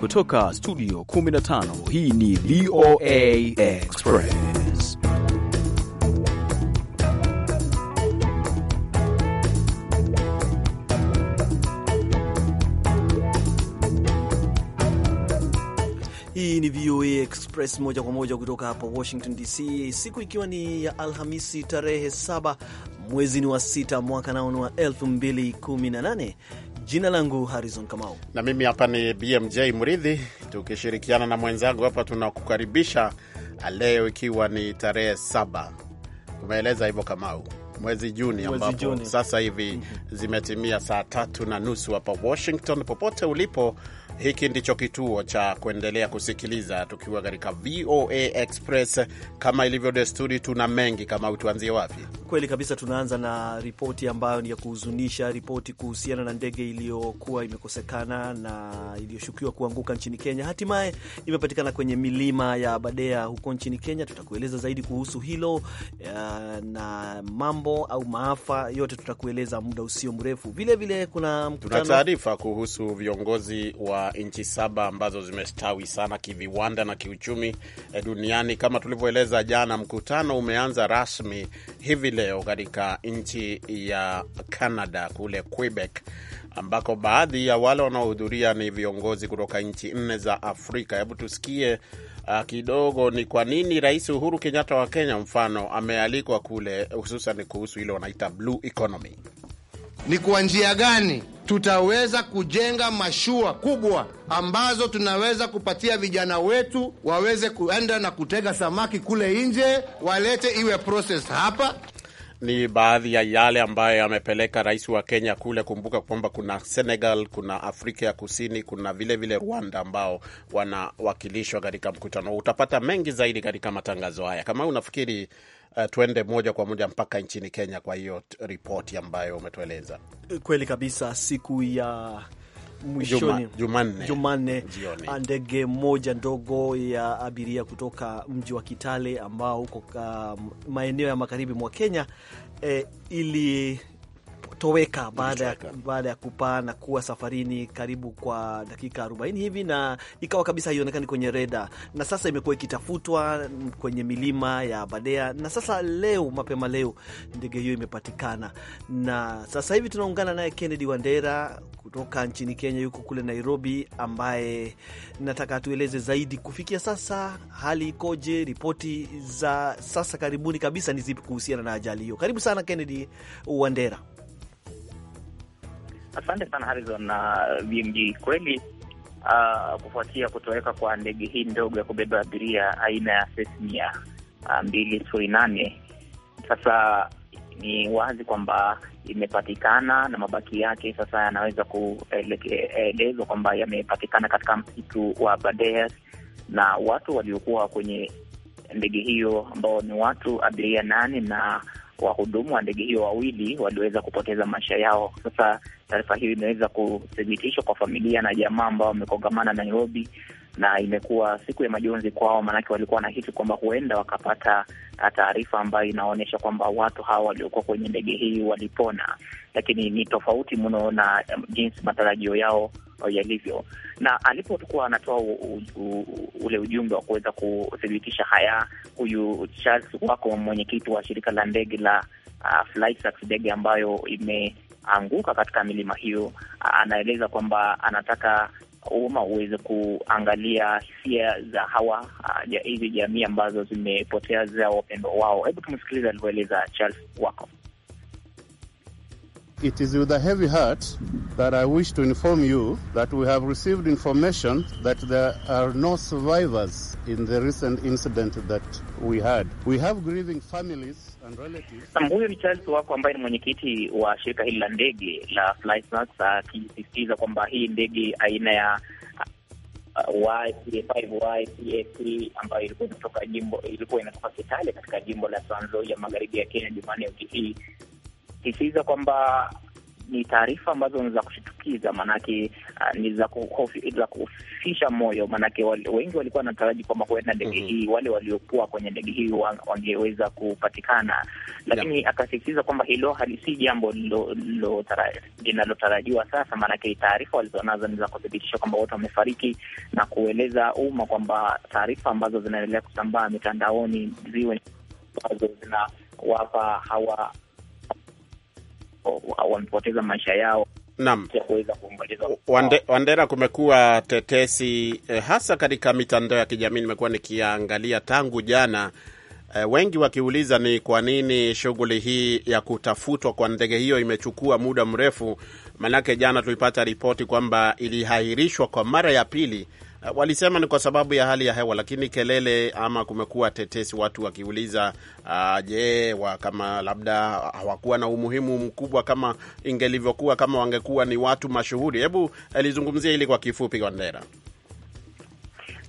kutoka studio 15 hii ni VOA Express. Hii ni VOA Express moja kwa moja kutoka hapa Washington DC, siku ikiwa ni ya Alhamisi tarehe 7 mwezi ni wa sita mwaka nao ni wa 2018 Jina langu Harrison Kamau na mimi hapa ni BMJ Mridhi, tukishirikiana na mwenzangu hapa tunakukaribisha ah, leo, ikiwa ni tarehe saba, umeeleza hivyo Kamau, mwezi Juni ambapo Juni. Sasa hivi mhm. zimetimia saa tatu na nusu hapa Washington. Popote ulipo hiki ndicho kituo cha kuendelea kusikiliza tukiwa katika VOA Express. Kama ilivyo desturi, tuna mengi. Kama tuanzie wapi? Kweli kabisa, tunaanza na ripoti ambayo ni ya kuhuzunisha, ripoti kuhusiana na ndege iliyokuwa imekosekana na iliyoshukiwa kuanguka nchini Kenya, hatimaye imepatikana kwenye milima ya badea huko nchini Kenya. Tutakueleza zaidi kuhusu hilo eh, na mambo au maafa yote, tutakueleza muda usio mrefu. Vilevile kuna mkutano, tuna taarifa kuhusu viongozi wa nchi saba ambazo zimestawi sana kiviwanda na kiuchumi eh, duniani. Kama tulivyoeleza jana, mkutano umeanza rasmi hivi leo katika nchi ya Canada kule Quebec, ambako baadhi ya wale wanaohudhuria ni viongozi kutoka nchi nne za Afrika. Hebu tusikie uh, kidogo ni kwa nini Rais Uhuru Kenyatta wa Kenya mfano amealikwa kule, hususan kuhusu ile wanaita blue economy ni kwa njia gani tutaweza kujenga mashua kubwa ambazo tunaweza kupatia vijana wetu waweze kuenda na kutega samaki kule nje, walete iwe process hapa. Ni baadhi ya yale ambayo yamepeleka rais wa Kenya kule. Kumbuka kwamba kuna Senegal, kuna Afrika ya Kusini, kuna vilevile vile Rwanda ambao wanawakilishwa katika mkutano Utapata mengi zaidi katika matangazo haya. Kama unafikiri uh, eh, tuende moja kwa moja mpaka nchini Kenya kwa hiyo ripoti ambayo umetueleza. Kweli kabisa, siku ya mwishoni Jumanne, Jumanne ah, ndege moja ndogo ya abiria kutoka mji wa Kitale ambao uko ah, maeneo ya magharibi mwa Kenya e, ili kutoweka baada ya baada ya kupaa na kuwa safarini karibu kwa dakika 40 hivi, na ikawa kabisa haionekani kwenye reda, na sasa imekuwa ikitafutwa kwenye milima ya Badea, na sasa leo mapema leo ndege hiyo imepatikana, na sasa hivi tunaungana naye Kennedy Wandera kutoka nchini Kenya, yuko kule Nairobi, ambaye nataka atueleze zaidi kufikia sasa hali ikoje, ripoti za sasa karibuni kabisa ni zipi kuhusiana na ajali hiyo? Karibu sana Kennedy Wandera. Asante sana Harrison na VMG. Uh, Kweli uh, kufuatia kutoweka kwa ndege hii ndogo ya kubeba abiria aina ya Cessna uh, mbili sufuri nane, sasa ni wazi kwamba imepatikana na mabaki yake sasa yanaweza kuelezwa kwamba yamepatikana katika msitu wa Badeas, na watu waliokuwa kwenye ndege hiyo ambao ni watu abiria nane na wahudumu wa ndege hiyo wawili waliweza kupoteza maisha yao. Sasa taarifa hiyo imeweza kuthibitishwa kwa familia na jamaa ambao wamekongamana Nairobi na imekuwa siku ya majonzi kwao, maanake walikuwa wanahisi kwamba huenda wakapata ah, taarifa ambayo inaonyesha kwamba watu hawa waliokuwa kwenye ndege hii walipona, lakini ni tofauti mno na um, jinsi matarajio yao uh, yalivyo. Na alipokuwa anatoa ule ujumbe wa kuweza kuthibitisha haya, huyu Charles Wako, mwenyekiti wa shirika la ndege la uh, ndege ambayo imeanguka katika milima hiyo, ah, anaeleza kwamba anataka umma uweze kuangalia hisia za hawa uh, hizi jamii ambazo zimepoteza wapendwa wao. Hebu tumsikilize alivyoeleza Charles Wako. It is with a heavy heart that I wish to inform you that we have received information that there are no survivors in the recent incident that we had. We have grieving families huyo ni Charles wako ambaye ni mwenyekiti wa shirika hili la ndege la Flysax, akisisitiza kwamba hii ndege aina ya uh, YCA5YCA3 ambayo ilikuwa inatoka jimbo ilikuwa inatoka Kitale katika jimbo la Trans Nzoia magharibi ya Kenya Jumanne wiki hii, kisisitiza kwamba ni taarifa ambazo ni za kushitukiza, maanake uh, ah, ni za kufisha moyo, maanake wengi walikuwa wanataraji kwamba kuenda ndege mm -hmm. hii wale waliokuwa kwenye ndege hii wangeweza kupatikana, lakini yeah. akasisitiza kwamba hilo hali si jambo linalotarajiwa sasa, maanake taarifa walizonazo ni za kuthibitisha kwamba wote wamefariki na kueleza umma kwamba taarifa ambazo zinaendelea kusambaa mitandaoni ziwe ambazo zinawapa hawa wamepoteza maisha yao. Naam, Wande, Wandera, kumekuwa tetesi eh, hasa katika mitandao ya kijamii nimekuwa nikiangalia tangu jana eh, wengi wakiuliza ni kwa nini shughuli hii ya kutafutwa kwa ndege hiyo imechukua muda mrefu. maanake jana tulipata ripoti kwamba ilihairishwa kwa mara ya pili Walisema ni kwa sababu ya hali ya hewa, lakini kelele ama kumekuwa tetesi, watu wakiuliza uh, je, wa kama labda hawakuwa na umuhimu mkubwa kama ingelivyokuwa kama wangekuwa ni watu mashuhuri. Hebu alizungumzia eh, hili kwa kifupi, Wandera.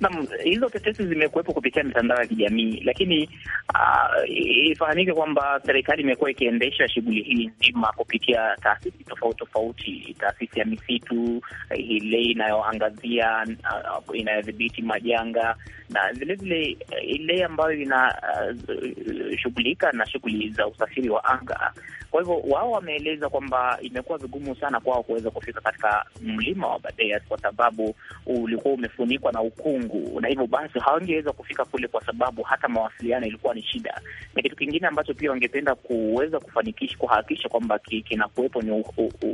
Naam, hizo tetesi zimekuwepo kupitia mitandao ya kijamii, lakini uh, ifahamike kwamba serikali imekuwa ikiendesha shughuli hii nzima kupitia taasisi tofauti tofauti, taasisi ya misitu ile inayoangazia uh, ah, inayodhibiti majanga na vilevile eh, ile ambayo inashughulika eh, uh, na shughuli za usafiri wa anga. Kwa hivyo wao wameeleza kwamba imekuwa vigumu sana kwao kuweza kufika katika mlima wa Aberdares kwa sababu ulikuwa umefunikwa na ukungu, na hivyo basi hawangeweza kufika kule, kwa sababu hata mawasiliano ilikuwa ni shida. Na kitu kingine ambacho pia wangependa kuweza kufanikisha, kuhakikisha kwamba kinakuwepo ni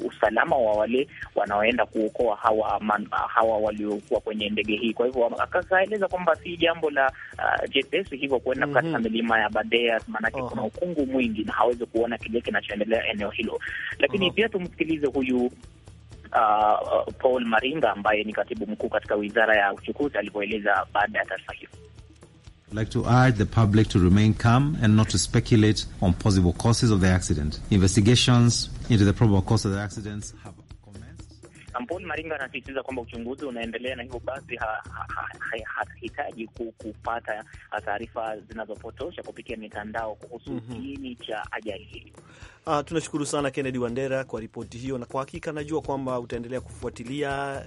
usalama wa wale wanaoenda kuokoa hawa, hawa waliokuwa kwenye ndege hii. Kwa hivyo akaeleza kwamba si jambo la uh, jepesi hivyo kuenda mm -hmm. katika milima ya Badea, maanake kuna ukungu mwingi na hawezi kuona kile kinachoendelea eneo hilo, lakini pia tumsikilize huyu Uh, Paul Maringa ambaye ni katibu mkuu katika wizara ya uchukuzi alivyoeleza baada ya taarifa hiyo. like to urge the public to remain calm and not to speculate on possible causes of the accident. Investigations into the probable cause of the accidents have Kampuni Maringa anasisitiza kwamba uchunguzi unaendelea na hivyo basi hahitaji ha, ha, ha, kupata taarifa zinazopotosha kupitia mitandao kuhusu mm -hmm. kiini cha ajali hii. Ah, tunashukuru sana Kennedy Wandera kwa ripoti hiyo, na kwa hakika najua kwamba utaendelea kufuatilia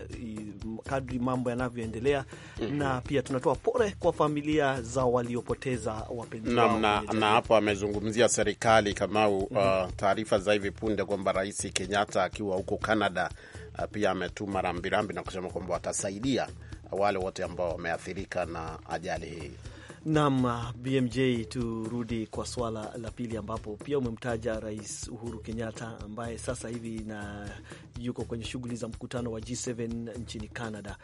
kadri mambo yanavyoendelea mm -hmm. na pia tunatoa pole kwa familia za waliopoteza wapenzi wao. Na hapo amezungumzia serikali Kamau, mm -hmm. uh, taarifa za hivi punde kwamba Rais Kenyatta akiwa huko Canada Eh, pia ametuma rambirambi na kusema kwamba watasaidia wale wote ambao wameathirika na ajali hii. nam BMJ, turudi kwa swala la pili ambapo pia umemtaja Rais Uhuru Kenyatta ambaye sasa hivi na yuko kwenye shughuli za mkutano wa G7 nchini Canada.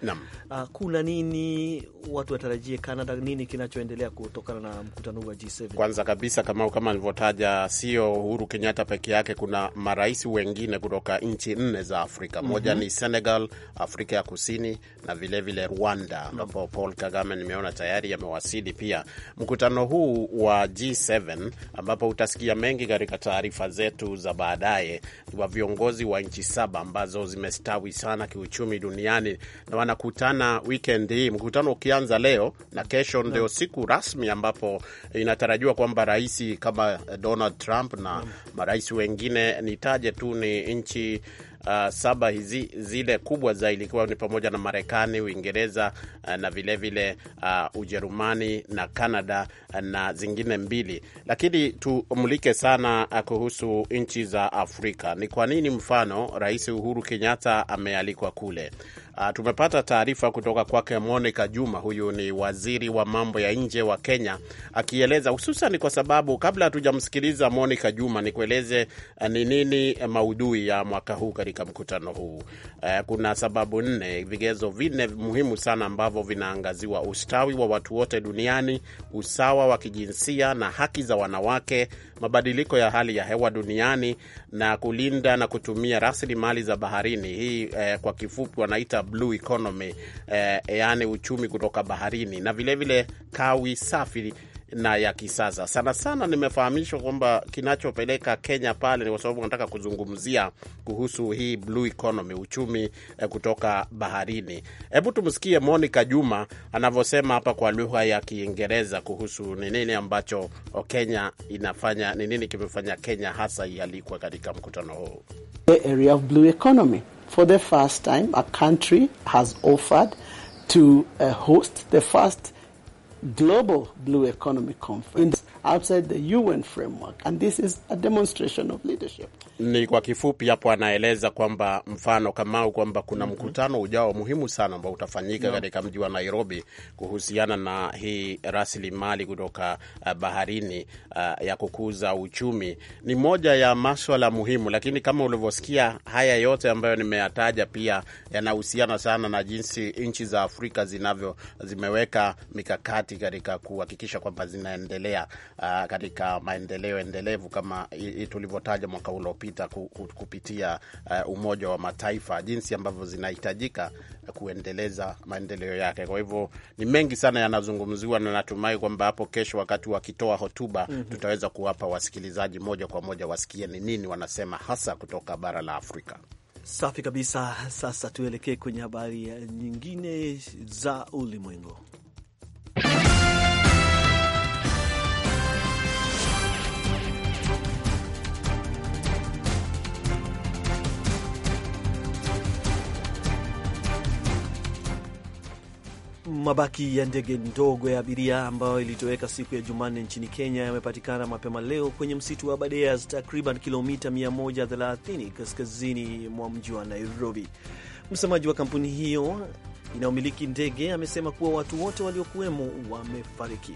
Uh, kuna nini watu watarajie Canada, nini kinachoendelea kutokana na mkutano huu wa G7? Kwanza kabisa kama kama alivyotaja, sio Uhuru Kenyatta peke yake, kuna marais wengine kutoka nchi nne za Afrika. Mhm. Moja mm -hmm. ni Senegal, Afrika ya Kusini na vilevile vile Rwanda ambapo mm -hmm. Paul Kagame nimeona tayari amewasili pia. Mkutano huu wa G7 ambapo utasikia mengi katika taarifa zetu za baadaye wa viongozi wa nchi saba ambazo zimestawi sana kiuchumi duniani, na wanakutana weekend hii, mkutano ukianza leo na kesho no. Ndio siku rasmi ambapo inatarajiwa kwamba rais kama Donald Trump na no. marais wengine nitaje tu ni nchi uh, saba hizi zile kubwa zaidi ikiwa ni pamoja na Marekani, Uingereza uh, na vilevile vile, uh, Ujerumani na Canada uh, na zingine mbili, lakini tumulike sana uh, kuhusu nchi za Afrika. Ni kwa nini mfano Rais Uhuru Kenyatta amealikwa kule? Uh, tumepata taarifa kutoka kwake Monica Juma, huyu ni waziri wa mambo ya nje wa Kenya, akieleza hususan, kwa sababu kabla hatujamsikiliza Monica Juma, nikueleze ah, ni nini maudhui ya mwaka huu katika mkutano huu eh, kuna sababu nne, vigezo vinne muhimu sana ambavyo vinaangaziwa: ustawi wa watu wote duniani, usawa wa kijinsia na haki za wanawake, mabadiliko ya hali ya hewa duniani na kulinda na kutumia rasilimali za baharini. Hii eh, kwa kifupi wanaita blue economy, eh, yaani uchumi kutoka baharini na vilevile vile kawi safi na ya kisasa. Sana sana nimefahamishwa kwamba kinachopeleka Kenya pale ni kwa sababu nataka kuzungumzia kuhusu hii blue economy, uchumi eh, kutoka baharini. Hebu tumsikie Monica Juma anavyosema hapa kwa lugha ya Kiingereza kuhusu ni nini ambacho oh, Kenya inafanya, ni nini kimefanya Kenya hasa ialikwa katika mkutano huu. The area of blue economy for the first time a country has offered to eh, host the first global blue economy conference outside the UN framework and this is a demonstration of leadership. Ni kwa kifupi hapo anaeleza kwamba mfano Kamau, kwamba kuna mm -hmm. mkutano ujao muhimu sana ambao utafanyika no. katika mji wa Nairobi kuhusiana na hii rasilimali kutoka uh, baharini uh, ya kukuza uchumi. Ni moja ya maswala muhimu, lakini kama ulivyosikia, haya yote ambayo nimeyataja pia yanahusiana sana na jinsi nchi za Afrika zinavyo zimeweka mikakati katika kuhakikisha kwamba zinaendelea ah, katika maendeleo endelevu kama tulivyotaja mwaka uliopita kupitia ah, Umoja wa Mataifa, jinsi ambavyo zinahitajika kuendeleza maendeleo yake. Kwa hivyo ni mengi sana yanazungumziwa, na natumai kwamba hapo kesho wakati wakitoa hotuba mm -hmm. tutaweza kuwapa wasikilizaji moja kwa moja wasikie ni nini wanasema hasa kutoka bara la Afrika. Safi kabisa. Sasa tuelekee kwenye habari nyingine za ulimwengu. Mabaki ya ndege ndogo ya abiria ambayo ilitoweka siku ya Jumanne nchini Kenya yamepatikana mapema leo kwenye msitu wa badeas takriban kilomita 130 kaskazini mwa mji wa Nairobi. Msemaji wa kampuni hiyo inayomiliki ndege amesema kuwa watu wote waliokuwemo wamefariki.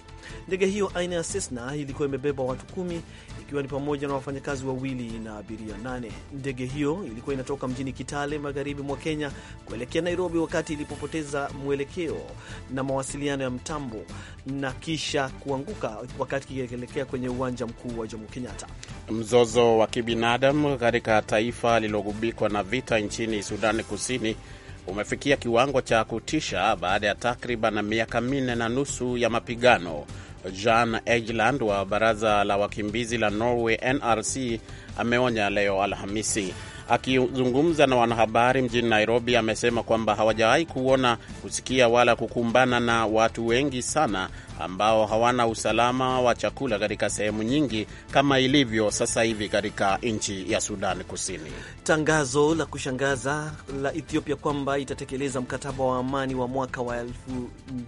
Ndege hiyo aina ya Cessna ilikuwa imebeba watu kumi ikiwa ni pamoja na wafanyakazi wawili na abiria nane. Ndege hiyo ilikuwa inatoka mjini Kitale, magharibi mwa Kenya, kuelekea Nairobi wakati ilipopoteza mwelekeo na mawasiliano ya mtambo na kisha kuanguka wakati kikielekea kwenye uwanja mkuu wa Jomo Kenyatta. Mzozo wa kibinadamu katika taifa lililogubikwa na vita nchini Sudani Kusini umefikia kiwango cha kutisha baada ya takriban miaka minne na nusu ya mapigano. Jan Egeland wa baraza la wakimbizi la Norway NRC ameonya leo Alhamisi. Akizungumza na wanahabari mjini Nairobi, amesema kwamba hawajawahi kuona, kusikia wala kukumbana na watu wengi sana ambao hawana usalama wa chakula katika sehemu nyingi kama ilivyo sasa hivi katika nchi ya Sudan Kusini. Tangazo la kushangaza la Ethiopia kwamba itatekeleza mkataba wa amani wa mwaka wa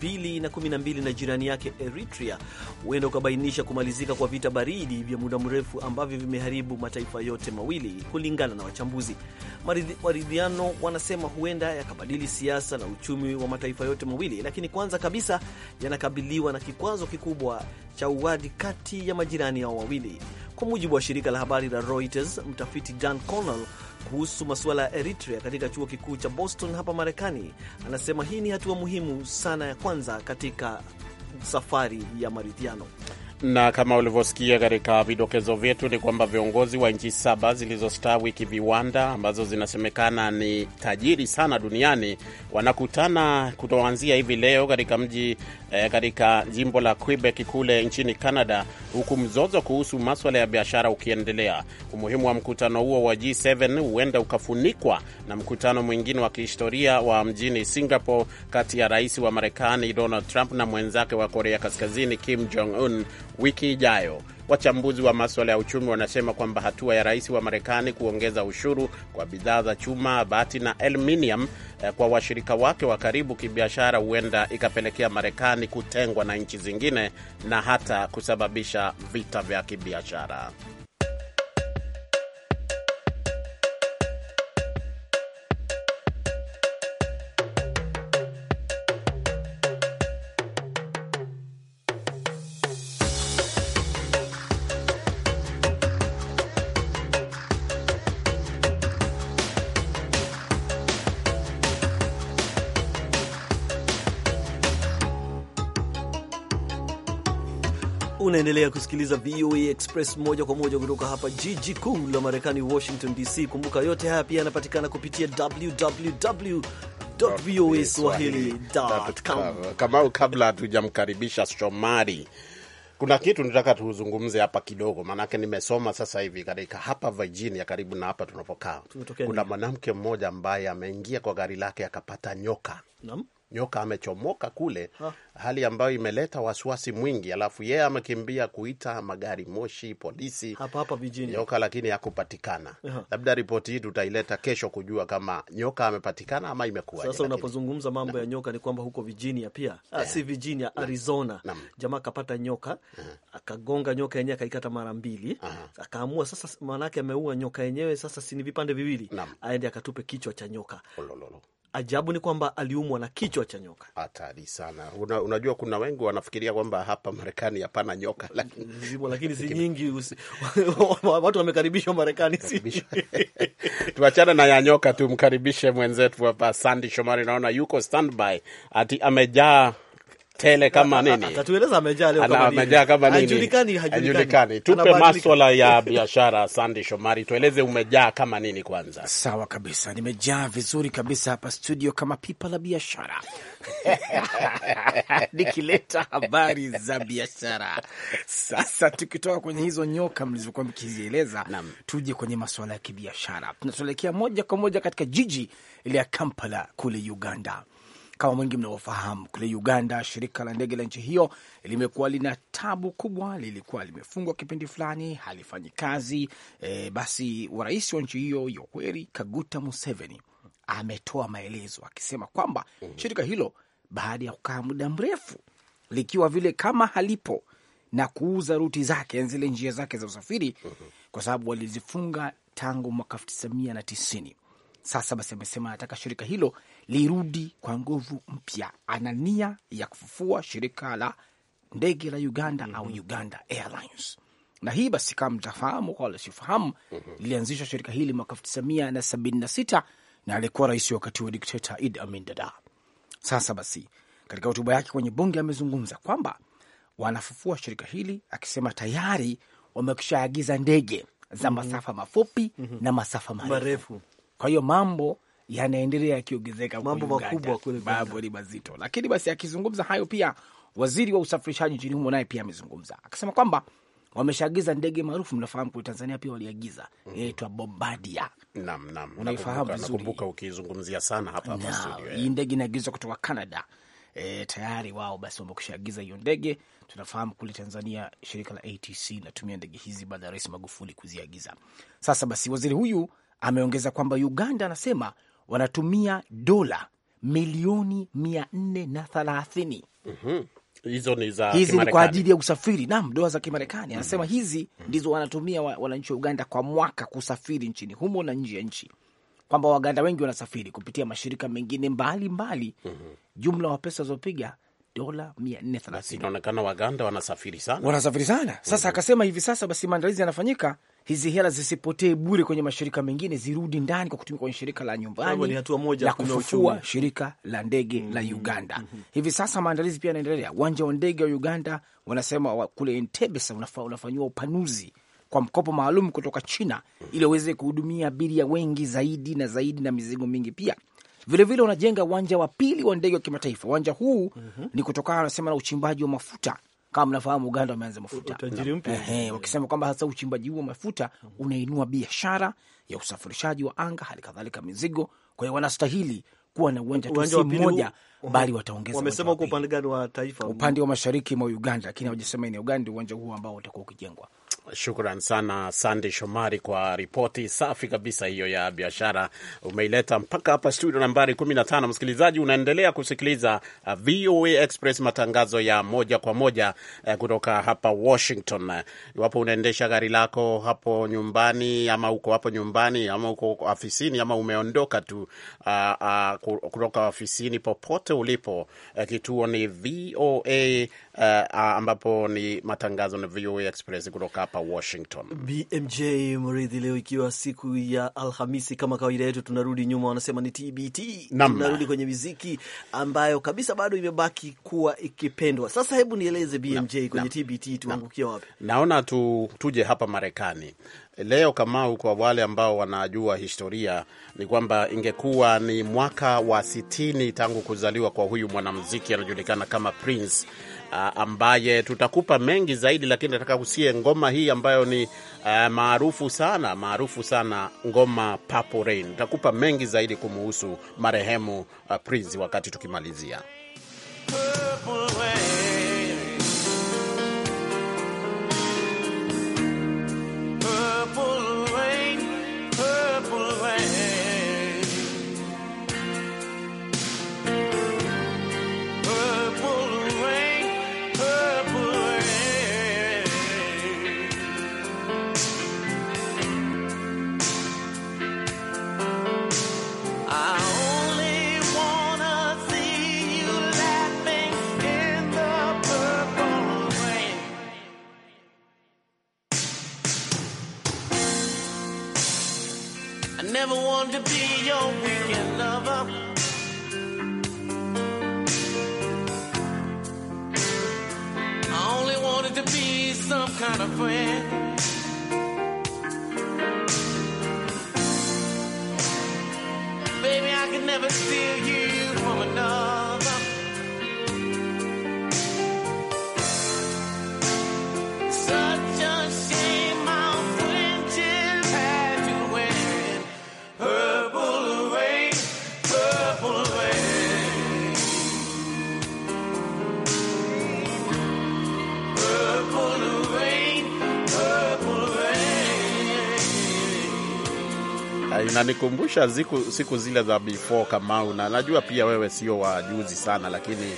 2012 na, na jirani yake Eritrea huenda ukabainisha kumalizika kwa vita baridi vya muda mrefu ambavyo vimeharibu mataifa yote mawili, kulingana na wachambuzi. Maridhiano wanasema huenda yakabadili siasa na uchumi wa mataifa yote mawili, lakini kwanza kabisa yanakabiliwa na kikwazo kikubwa cha uwadi kati ya majirani hao wawili, kwa mujibu wa shirika la habari la Reuters. Mtafiti Dan Connell kuhusu masuala ya Eritrea katika chuo kikuu cha Boston hapa Marekani anasema hii ni hatua muhimu sana ya kwanza katika safari ya maridhiano. Na kama ulivyosikia katika vidokezo vyetu ni kwamba viongozi wa nchi saba zilizostawi kiviwanda ambazo zinasemekana ni tajiri sana duniani wanakutana kutoanzia hivi leo katika mji eh, katika jimbo la Quebec kule nchini Canada, huku mzozo kuhusu maswala ya biashara ukiendelea. Umuhimu wa mkutano huo wa G7 huenda ukafunikwa na mkutano mwingine wa kihistoria wa mjini Singapore kati ya rais wa Marekani Donald Trump na mwenzake wa Korea Kaskazini Kim Jong Un wiki ijayo. Wachambuzi wa maswala ya uchumi wanasema kwamba hatua ya rais wa Marekani kuongeza ushuru kwa bidhaa za chuma, bati na aluminium eh, kwa washirika wake wa karibu kibiashara huenda ikapelekea Marekani kutengwa na nchi zingine na hata kusababisha vita vya kibiashara. Unaendelea kusikiliza VOA Express moja kwa moja kutoka hapa jiji kuu la Marekani, Washington DC. Kumbuka yote haya pia yanapatikana kupitia www voa swahili.com. Kamau, kabla hatujamkaribisha Shomari, kuna kitu nataka tuzungumze hapa kidogo, maanake nimesoma sasa hivi katika hapa Virginia, karibu na hapa tunapokaa, kuna mwanamke mmoja ambaye ameingia kwa gari lake akapata nyoka. Nam? nyoka amechomoka kule ha. Hali ambayo imeleta wasiwasi mwingi, alafu yeye amekimbia kuita magari moshi, polisi hapa hapa vijijini, nyoka lakini hakupatikana. Labda ripoti hii tutaileta kesho kujua kama nyoka amepatikana ama imekuwa. Sasa unapozungumza mambo na ya nyoka ni kwamba huko Virginia pia yeah. Eh. si Virginia yeah. Arizona yeah. jamaa akapata nyoka yeah. akagonga nyoka yenyewe akaikata mara mbili yeah. akaamua sasa, maanake ameua nyoka yenyewe, sasa si ni vipande viwili, aende akatupe kichwa cha nyoka Ololo. Ajabu ni kwamba aliumwa na kichwa cha nyoka. Hatari sana. Una, unajua kuna wengi wanafikiria kwamba hapa Marekani hapana nyoka, lakini lakini si nyingi. Watu wamekaribishwa Marekani, si tuachana na ya nyoka, tumkaribishe mwenzetu hapa Sandi Shomari, naona yuko standby ati amejaa tele kama nini, atatueleza amejaa leo kama nini, amejaa kama nini, hajulikani, hajulikani. Tupe maswala ya biashara, Sandy Shomari, tueleze umejaa kama nini kwanza. Sawa kabisa, nimejaa vizuri kabisa hapa studio kama pipa la biashara nikileta habari za biashara. Sasa tukitoka kwenye hizo nyoka mlizokuwa mkizieleza, tuje kwenye masuala ya kibiashara. Tunatuelekea moja kwa moja katika jiji la Kampala kule Uganda. Kama mwingi mnavyofahamu, kule Uganda, shirika la ndege la nchi hiyo limekuwa lina tabu kubwa, lilikuwa limefungwa kipindi fulani, halifanyi kazi e. Basi rais wa nchi hiyo Yoweri Kaguta Museveni ametoa maelezo akisema kwamba mm -hmm. shirika hilo baada ya kukaa muda mrefu likiwa vile kama halipo na kuuza ruti zake zile njia zake za usafiri mm -hmm. kwa sababu walizifunga tangu mwaka elfu tisa mia na tisini. Sasa basi amesema anataka shirika hilo lirudi kwa nguvu mpya. Ana nia ya kufufua shirika la ndege la Uganda mm -hmm. au mhm. Uganda Airlines na hii basi, kama mtafahamu kwa -hmm. Mhm. lilianzishwa shirika hili mwaka 1976 na alikuwa rais wakati wa dikteta Idi Amin Dada. Sasa basi, katika hotuba yake kwenye bunge amezungumza kwamba wanafufua shirika hili, akisema tayari wamekishaagiza ndege za mhm. masafa mafupi mm -hmm. na masafa marefu. Kwa hiyo mambo yanaendelea yakiongezeka, mambo makubwa kule, mambo ni mazito. Lakini basi akizungumza hayo, pia waziri wa usafirishaji nchini humo naye pia amezungumza akasema kwamba wameshaagiza ndege maarufu, mnafahamu kule Tanzania pia waliagiza mm-hmm. inaitwa mm -hmm. Bombardier. Naam, naam, unaifahamu vizuri, nakumbuka ukizungumzia sana hapa hapa studio. Eh. Hii ndege inaagizwa kutoka Canada. E, tayari wao basi wamekushaagiza hiyo ndege. Tunafahamu kule Tanzania shirika la ATC linatumia ndege hizi baada ya Rais Magufuli kuziagiza. Sasa basi waziri huyu ameongeza kwamba Uganda anasema wanatumia dola milioni mia nne na thelathini. mm -hmm. Hizo ni za hizi ni kwa ajili ya usafiri. nam dola za Kimarekani anasema. mm -hmm. Hizi ndizo wanatumia wananchi wa Uganda kwa mwaka kusafiri nchini humo na nje ya nchi, kwamba Waganda wengi wanasafiri kupitia mashirika mengine mbalimbali mbali. mm -hmm. Jumla wa pesa walizopiga dola mia nne thelathini. Inaonekana Waganda wanasafiri sana, wanasafiri sana sasa. mm -hmm. Akasema hivi sasa basi maandalizi yanafanyika hizi hela zisipotee bure kwenye mashirika mengine, zirudi ndani kwa kutumia kwenye shirika la nyumbani la kufufua shirika la ndege mm -hmm. la mhm. Uganda mm -hmm. Hivi sasa maandalizi pia yanaendelea. Uwanja wa ndege wa Uganda wanasema kule Entebbe unafanyiwa upanuzi kwa mkopo maalum kutoka China mhm. ili waweze kuhudumia abiria wengi zaidi na zaidi na mizigo mingi pia vilevile wanajenga uwanja wa pili wa ndege wa kimataifa. Uwanja huu mm -hmm. ni kutokana anasema na uchimbaji wa mafuta kama mnafahamu Uganda wameanza mafuta eh, wakisema kwamba sasa uchimbaji huu wa mafuta unainua biashara ya usafirishaji wa anga, hali kadhalika mizigo. Kwa hiyo wanastahili kuwa na uwanja tu, si mmoja bali uh-huh. wataongeza. Wamesema upande gani wa taifa? Upande wa mashariki mwa Uganda, lakini hawajasema eneo gani uwanja huo ambao utakuwa ukijengwa. Shukran sana Sande Shomari kwa ripoti safi kabisa hiyo ya biashara, umeileta mpaka hapa studio nambari 15. Msikilizaji, unaendelea kusikiliza uh, VOA Express, matangazo ya moja kwa moja uh, kutoka hapa Washington. Iwapo unaendesha gari lako hapo nyumbani ama uko hapo nyumbani ama uko ofisini ama umeondoka tu uh, uh, kutoka ofisini, popote ulipo, uh, kituo ni VOA uh, ambapo ni matangazo na VOA Express kutoka hapa Washington. BMJ Mridhi, leo ikiwa siku ya Alhamisi, kama kawaida yetu, tunarudi nyuma, wanasema ni TBT. Tunarudi kwenye miziki ambayo kabisa bado imebaki kuwa ikipendwa. Sasa hebu nieleze BMJ, Nam. kwenye Nam. TBT tuangukia wapi? Naona tu, tuje hapa Marekani leo Kamau, kwa wale ambao wanajua historia ni kwamba ingekuwa ni mwaka wa sitini tangu kuzaliwa kwa huyu mwanamuziki anajulikana kama Prince ambaye tutakupa mengi zaidi, lakini nataka usikie ngoma hii ambayo ni uh, maarufu sana maarufu sana ngoma Purple Rain. Nitakupa mengi zaidi kumuhusu marehemu uh, Prince wakati tukimalizia. inanikumbusha siku, siku zile za before Kamau, na najua pia wewe sio wajuzi sana, lakini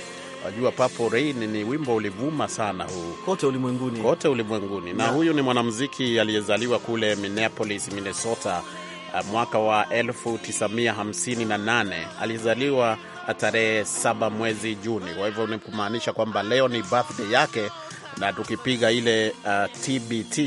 wajua Purple Rain ni wimbo ulivuma sana huu kote ulimwenguni, kote ulimwenguni na, huyu ni mwanamuziki aliyezaliwa kule Minneapolis, Minnesota uh, mwaka wa 1958 alizaliwa uh, tarehe saba mwezi Juni. Kwa hivyo ni kumaanisha kwamba leo ni birthday yake, na tukipiga ile uh, TBT,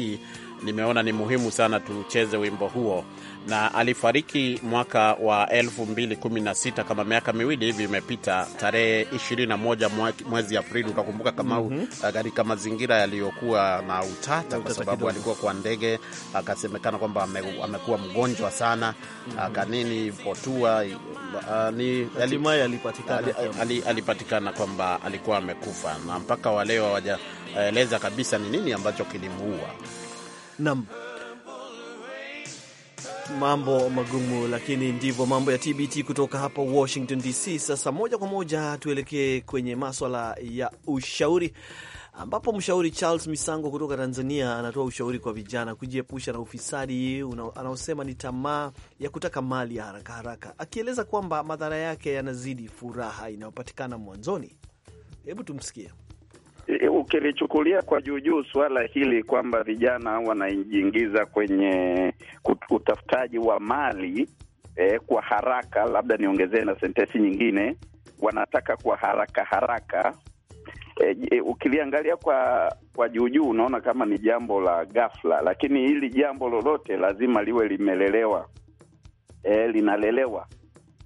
nimeona ni muhimu sana tucheze wimbo huo na alifariki mwaka wa 2016 kama miaka miwili hivi imepita, tarehe 21 mwezi Aprili. Utakumbuka kama mm -hmm. Eh, katika mazingira yaliyokuwa na utata, utata kwa sababu kidogo. alikuwa kwa ndege akasemekana kwamba amekuwa mgonjwa sana mm -hmm. akanini ah, potua ah, hatimaye alipatikana, ali, alipatikana kwamba alikuwa amekufa na mpaka waleo hawajaeleza kabisa ni nini ambacho kilimuua nam Mambo magumu, lakini ndivyo mambo ya TBT kutoka hapa Washington DC. Sasa moja kwa moja tuelekee kwenye maswala ya ushauri, ambapo mshauri Charles Misango kutoka Tanzania anatoa ushauri kwa vijana kujiepusha na ufisadi anaosema ni tamaa ya kutaka mali ya haraka haraka, akieleza kwamba madhara yake yanazidi furaha inayopatikana mwanzoni. Hebu tumsikie. Eh, ukilichukulia kwa juujuu suala hili kwamba vijana wanajiingiza kwenye utafutaji wa mali eh, kwa haraka, labda niongezee na sentensi nyingine, wanataka kwa haraka haraka. E, e, ukiliangalia kwa kwa juujuu unaona kama ni jambo la ghafla, lakini hili jambo lolote lazima liwe limelelewa, e, linalelewa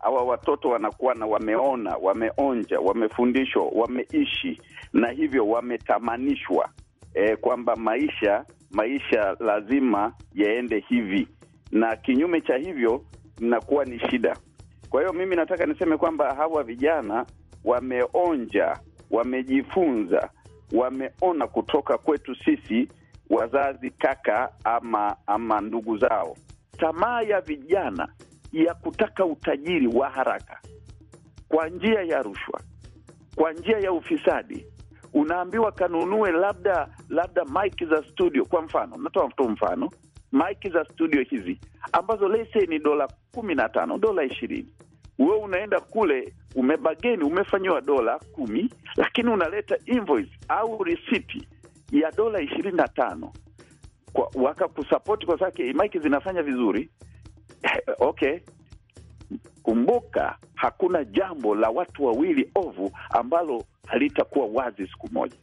hawa watoto wanakuwa na wameona, wameonja, wamefundishwa, wameishi na hivyo wametamanishwa e, kwamba maisha maisha lazima yaende hivi, na kinyume cha hivyo inakuwa ni shida. Kwa hiyo mimi nataka niseme kwamba hawa vijana wameonja, wamejifunza, wameona kutoka kwetu sisi wazazi, kaka ama ama ndugu zao. Tamaa ya vijana ya kutaka utajiri wa haraka kwa njia ya rushwa, kwa njia ya ufisadi. Unaambiwa kanunue labda labda mike za studio, kwa mfano, natoa tu mfano, mike za studio hizi ambazo lese ni dola kumi na tano dola ishirini wewe unaenda kule umebageni, umefanyiwa dola kumi, lakini unaleta invoice au risiti ya dola ishirini na tano wakakusapoti kwa, waka kwa sababu maiki zinafanya vizuri, Okay, kumbuka hakuna jambo la watu wawili ovu ambalo halitakuwa wazi siku moja.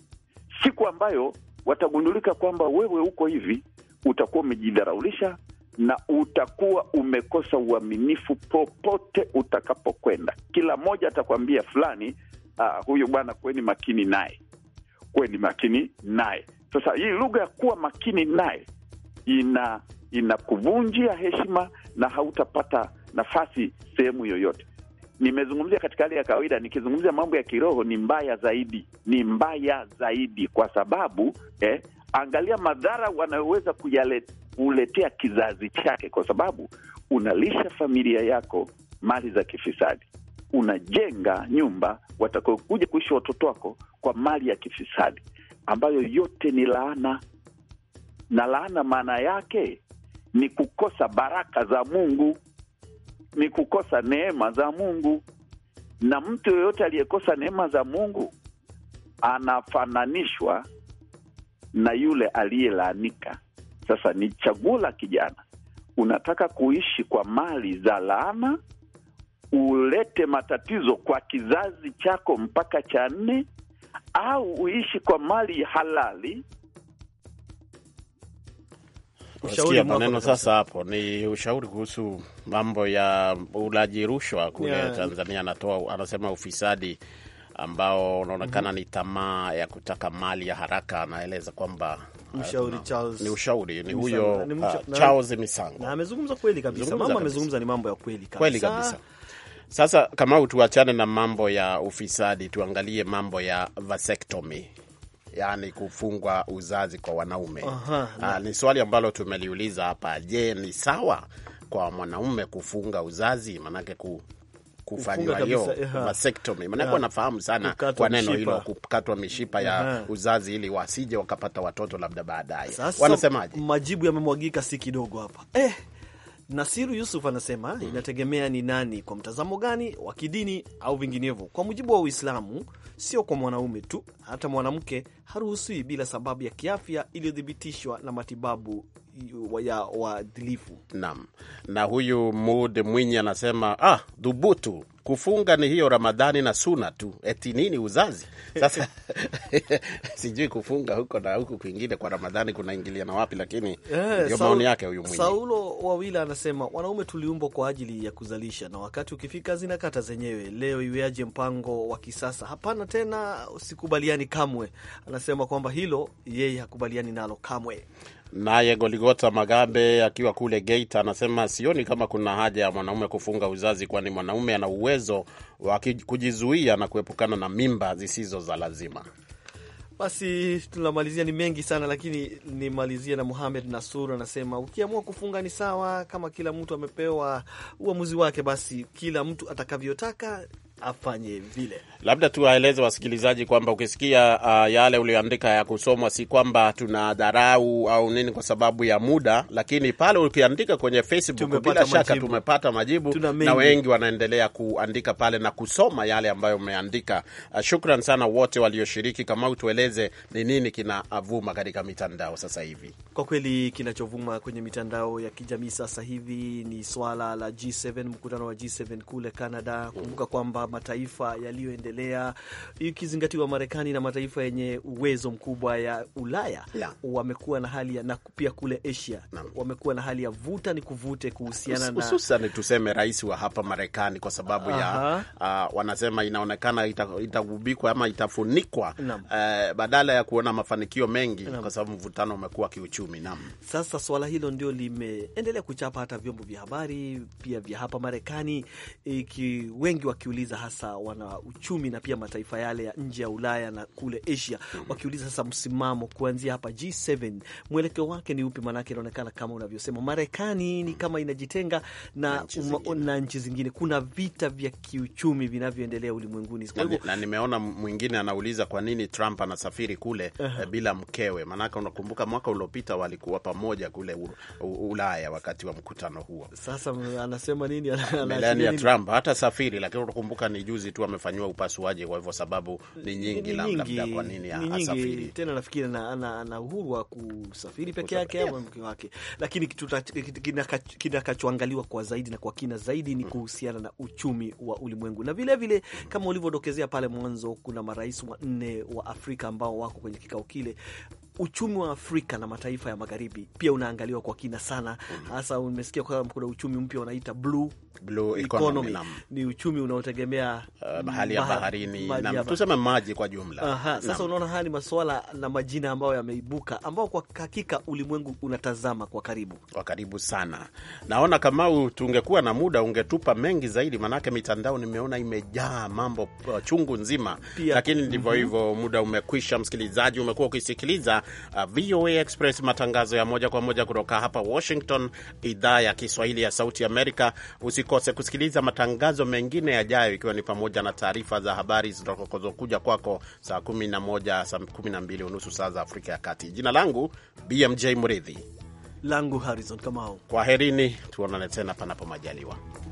Siku ambayo watagundulika kwamba wewe uko hivi, utakuwa umejidharaulisha na utakuwa umekosa uaminifu popote utakapokwenda. Kila mmoja atakwambia fulani, uh, huyu bwana kweni makini naye, kweni makini naye. Sasa hii lugha ya kuwa makini naye ina inakuvunjia heshima na hautapata nafasi sehemu yoyote. Nimezungumzia katika hali ya kawaida, nikizungumzia mambo ya kiroho ni mbaya zaidi, ni mbaya zaidi kwa sababu eh, angalia madhara wanayoweza kuletea kizazi chake, kwa sababu unalisha familia yako mali za kifisadi, unajenga nyumba watakaokuja kuishi watoto wako kwa mali ya kifisadi, ambayo yote ni laana. Na laana maana yake ni kukosa baraka za Mungu, ni kukosa neema za Mungu. Na mtu yeyote aliyekosa neema za Mungu anafananishwa na yule aliyelaanika. Sasa ni chaguo la kijana, unataka kuishi kwa mali za laana, ulete matatizo kwa kizazi chako mpaka cha nne, au uishi kwa mali halali Ushauri maneno sasa hapo ni ushauri kuhusu mambo ya ulaji rushwa kule yeah. Tanzania anatoa anasema ufisadi ambao unaonekana mm -hmm. ni tamaa ya kutaka mali ya haraka. Anaeleza kwamba mshauri uh, Charles ni ushauri ni huyo uh, Charles Misango, na amezungumza kweli kabisa, mama amezungumza, ni mambo ya kweli kabisa, kweli kabisa. Sasa kama tuachane na mambo ya ufisadi, tuangalie mambo ya vasectomy yani kufungwa uzazi kwa wanaume. Aha, ah, ni swali ambalo tumeliuliza hapa. Je, ni sawa kwa mwanaume kufunga uzazi maanake ku kufanywa hiyo wanafahamu sana kwa neno hilo, kukatwa mishipa ya yeah, uzazi ili wasije wakapata watoto labda baadaye. Wanasemaje? Majibu yamemwagika si kidogo hapa eh. Nasiru Yusuf anasema mm-hmm. inategemea ni nani, kwa mtazamo gani wa kidini au vinginevyo. Kwa mujibu wa Uislamu, sio kwa mwanaume tu, hata mwanamke haruhusiwi bila sababu ya kiafya iliyothibitishwa na matibabu ya waadilifu. Naam, na huyu Mud Mwinyi anasema ah, dhubutu kufunga ni hiyo Ramadhani na suna tu, eti nini uzazi sasa. Sijui kufunga huko na huku kwingine kwa Ramadhani na wapi, lakini eh, ndio maoni yake huyu Saulo Wawila anasema wanaume tuliumbwa kwa ajili ya kuzalisha, na wakati ukifika zinakata zenyewe. Leo iweaje mpango wa kisasa? Hapana tena, sikubaliani kamwe. Anasema kwamba hilo yeye hakubaliani nalo kamwe. Naye Goligota Magabe akiwa kule Geita anasema sioni kama kuna haja ya mwanaume kufunga uzazi, kwani mwanaume ana uwezo wa kujizuia na kuepukana na mimba zisizo za lazima. Basi tunamalizia, ni mengi sana lakini nimalizie na Muhamed Nasur anasema ukiamua kufunga ni sawa, kama kila mtu amepewa uamuzi wake, basi kila mtu atakavyotaka afanye vile. Labda tuwaeleze wasikilizaji kwamba ukisikia uh, yale ulioandika ya kusomwa, si kwamba tuna dharau au nini kwa sababu ya muda, lakini pale ukiandika kwenye Facebook, bila shaka tumepata majibu na wengi wanaendelea kuandika pale na kusoma yale ambayo umeandika. Uh, shukran sana wote walioshiriki. Kama tueleze ni nini kinavuma katika mitandao sasa hivi. Kwa kweli kinachovuma kwenye mitandao ya kijamii sasa hivi ni swala la G7, mkutano wa G7 kule Canada. Kumbuka kwamba mataifa yaliyoendelea zinaendelea, ikizingatiwa Marekani na mataifa yenye uwezo mkubwa ya Ulaya wamekuwa na hali ya, na pia kule Asia wamekuwa na hali ya vuta ni kuvute kuhusiana na hususan, tuseme rais wa hapa Marekani kwa sababu ya uh, wanasema inaonekana itagubikwa ama itafunikwa uh, badala ya kuona mafanikio mengi Nam. kwa sababu mvutano umekuwa kiuchumi. Naam, sasa swala hilo ndio limeendelea kuchapa hata vyombo vya habari pia vya hapa Marekani, wengi wakiuliza hasa wana uchumi kiuchumi na pia mataifa yale ya nje ya Ulaya na kule Asia mm -hmm. wakiuliza sasa msimamo kuanzia hapa G7 mwelekeo wake ni upi? Maanake inaonekana kama unavyosema Marekani mm -hmm. ni kama inajitenga na na nchi zingine, kuna vita vya kiuchumi vinavyoendelea ulimwenguni. na, ni, na nimeona mwingine anauliza kwa nini Trump anasafiri kule uh eh, -huh. bila mkewe, maanake unakumbuka mwaka uliopita walikuwa pamoja kule u, u, Ulaya wakati wa mkutano huo. Sasa anasema nini? Melania Trump hata safiri, lakini unakumbuka ni juzi tu amefanyiwa upa upasuaji. Kwa hivyo sababu ni nyingi, labda kwa nini asafiri tena. Nafikiri ana uhuru wa kusafiri peke yake au mke wake, lakini kinakachoangaliwa kwa zaidi na kwa kina zaidi ni mm. kuhusiana na uchumi wa ulimwengu, na vilevile kama ulivyodokezea pale mwanzo, kuna marais wanne wa Afrika ambao wako kwenye kikao kile. Uchumi wa Afrika na mataifa ya magharibi pia unaangaliwa kwa kina sana, mm. hasa umesikia kwamba kuna uchumi mpya wanaita blue blue economy, economy ni uchumi unaotegemea uh, bahari ya baharini na tuseme maji kwa jumla. Aha, sasa unaona haya ni masuala na majina ambayo yameibuka ambao kwa hakika ulimwengu unatazama kwa karibu, kwa karibu sana. Naona kama tungekuwa na muda ungetupa mengi zaidi, maanake mitandao nimeona imejaa mambo chungu nzima pia, lakini ndivyo mhm. hivyo mm -hmm. Muda umekwisha, msikilizaji, umekuwa ukisikiliza uh, VOA Express, matangazo ya moja kwa moja kutoka hapa Washington, idhaa ya Kiswahili ya Sauti Amerika. Usiku usikose kusikiliza matangazo mengine yajayo, ikiwa ni pamoja na taarifa za habari zitakazokuja kwako saa 11 saa 12 unusu saa za Afrika ya Kati. Jina langu BMJ Mridhi langu Harrison Kamau. herini, tuonane tena panapo majaliwa.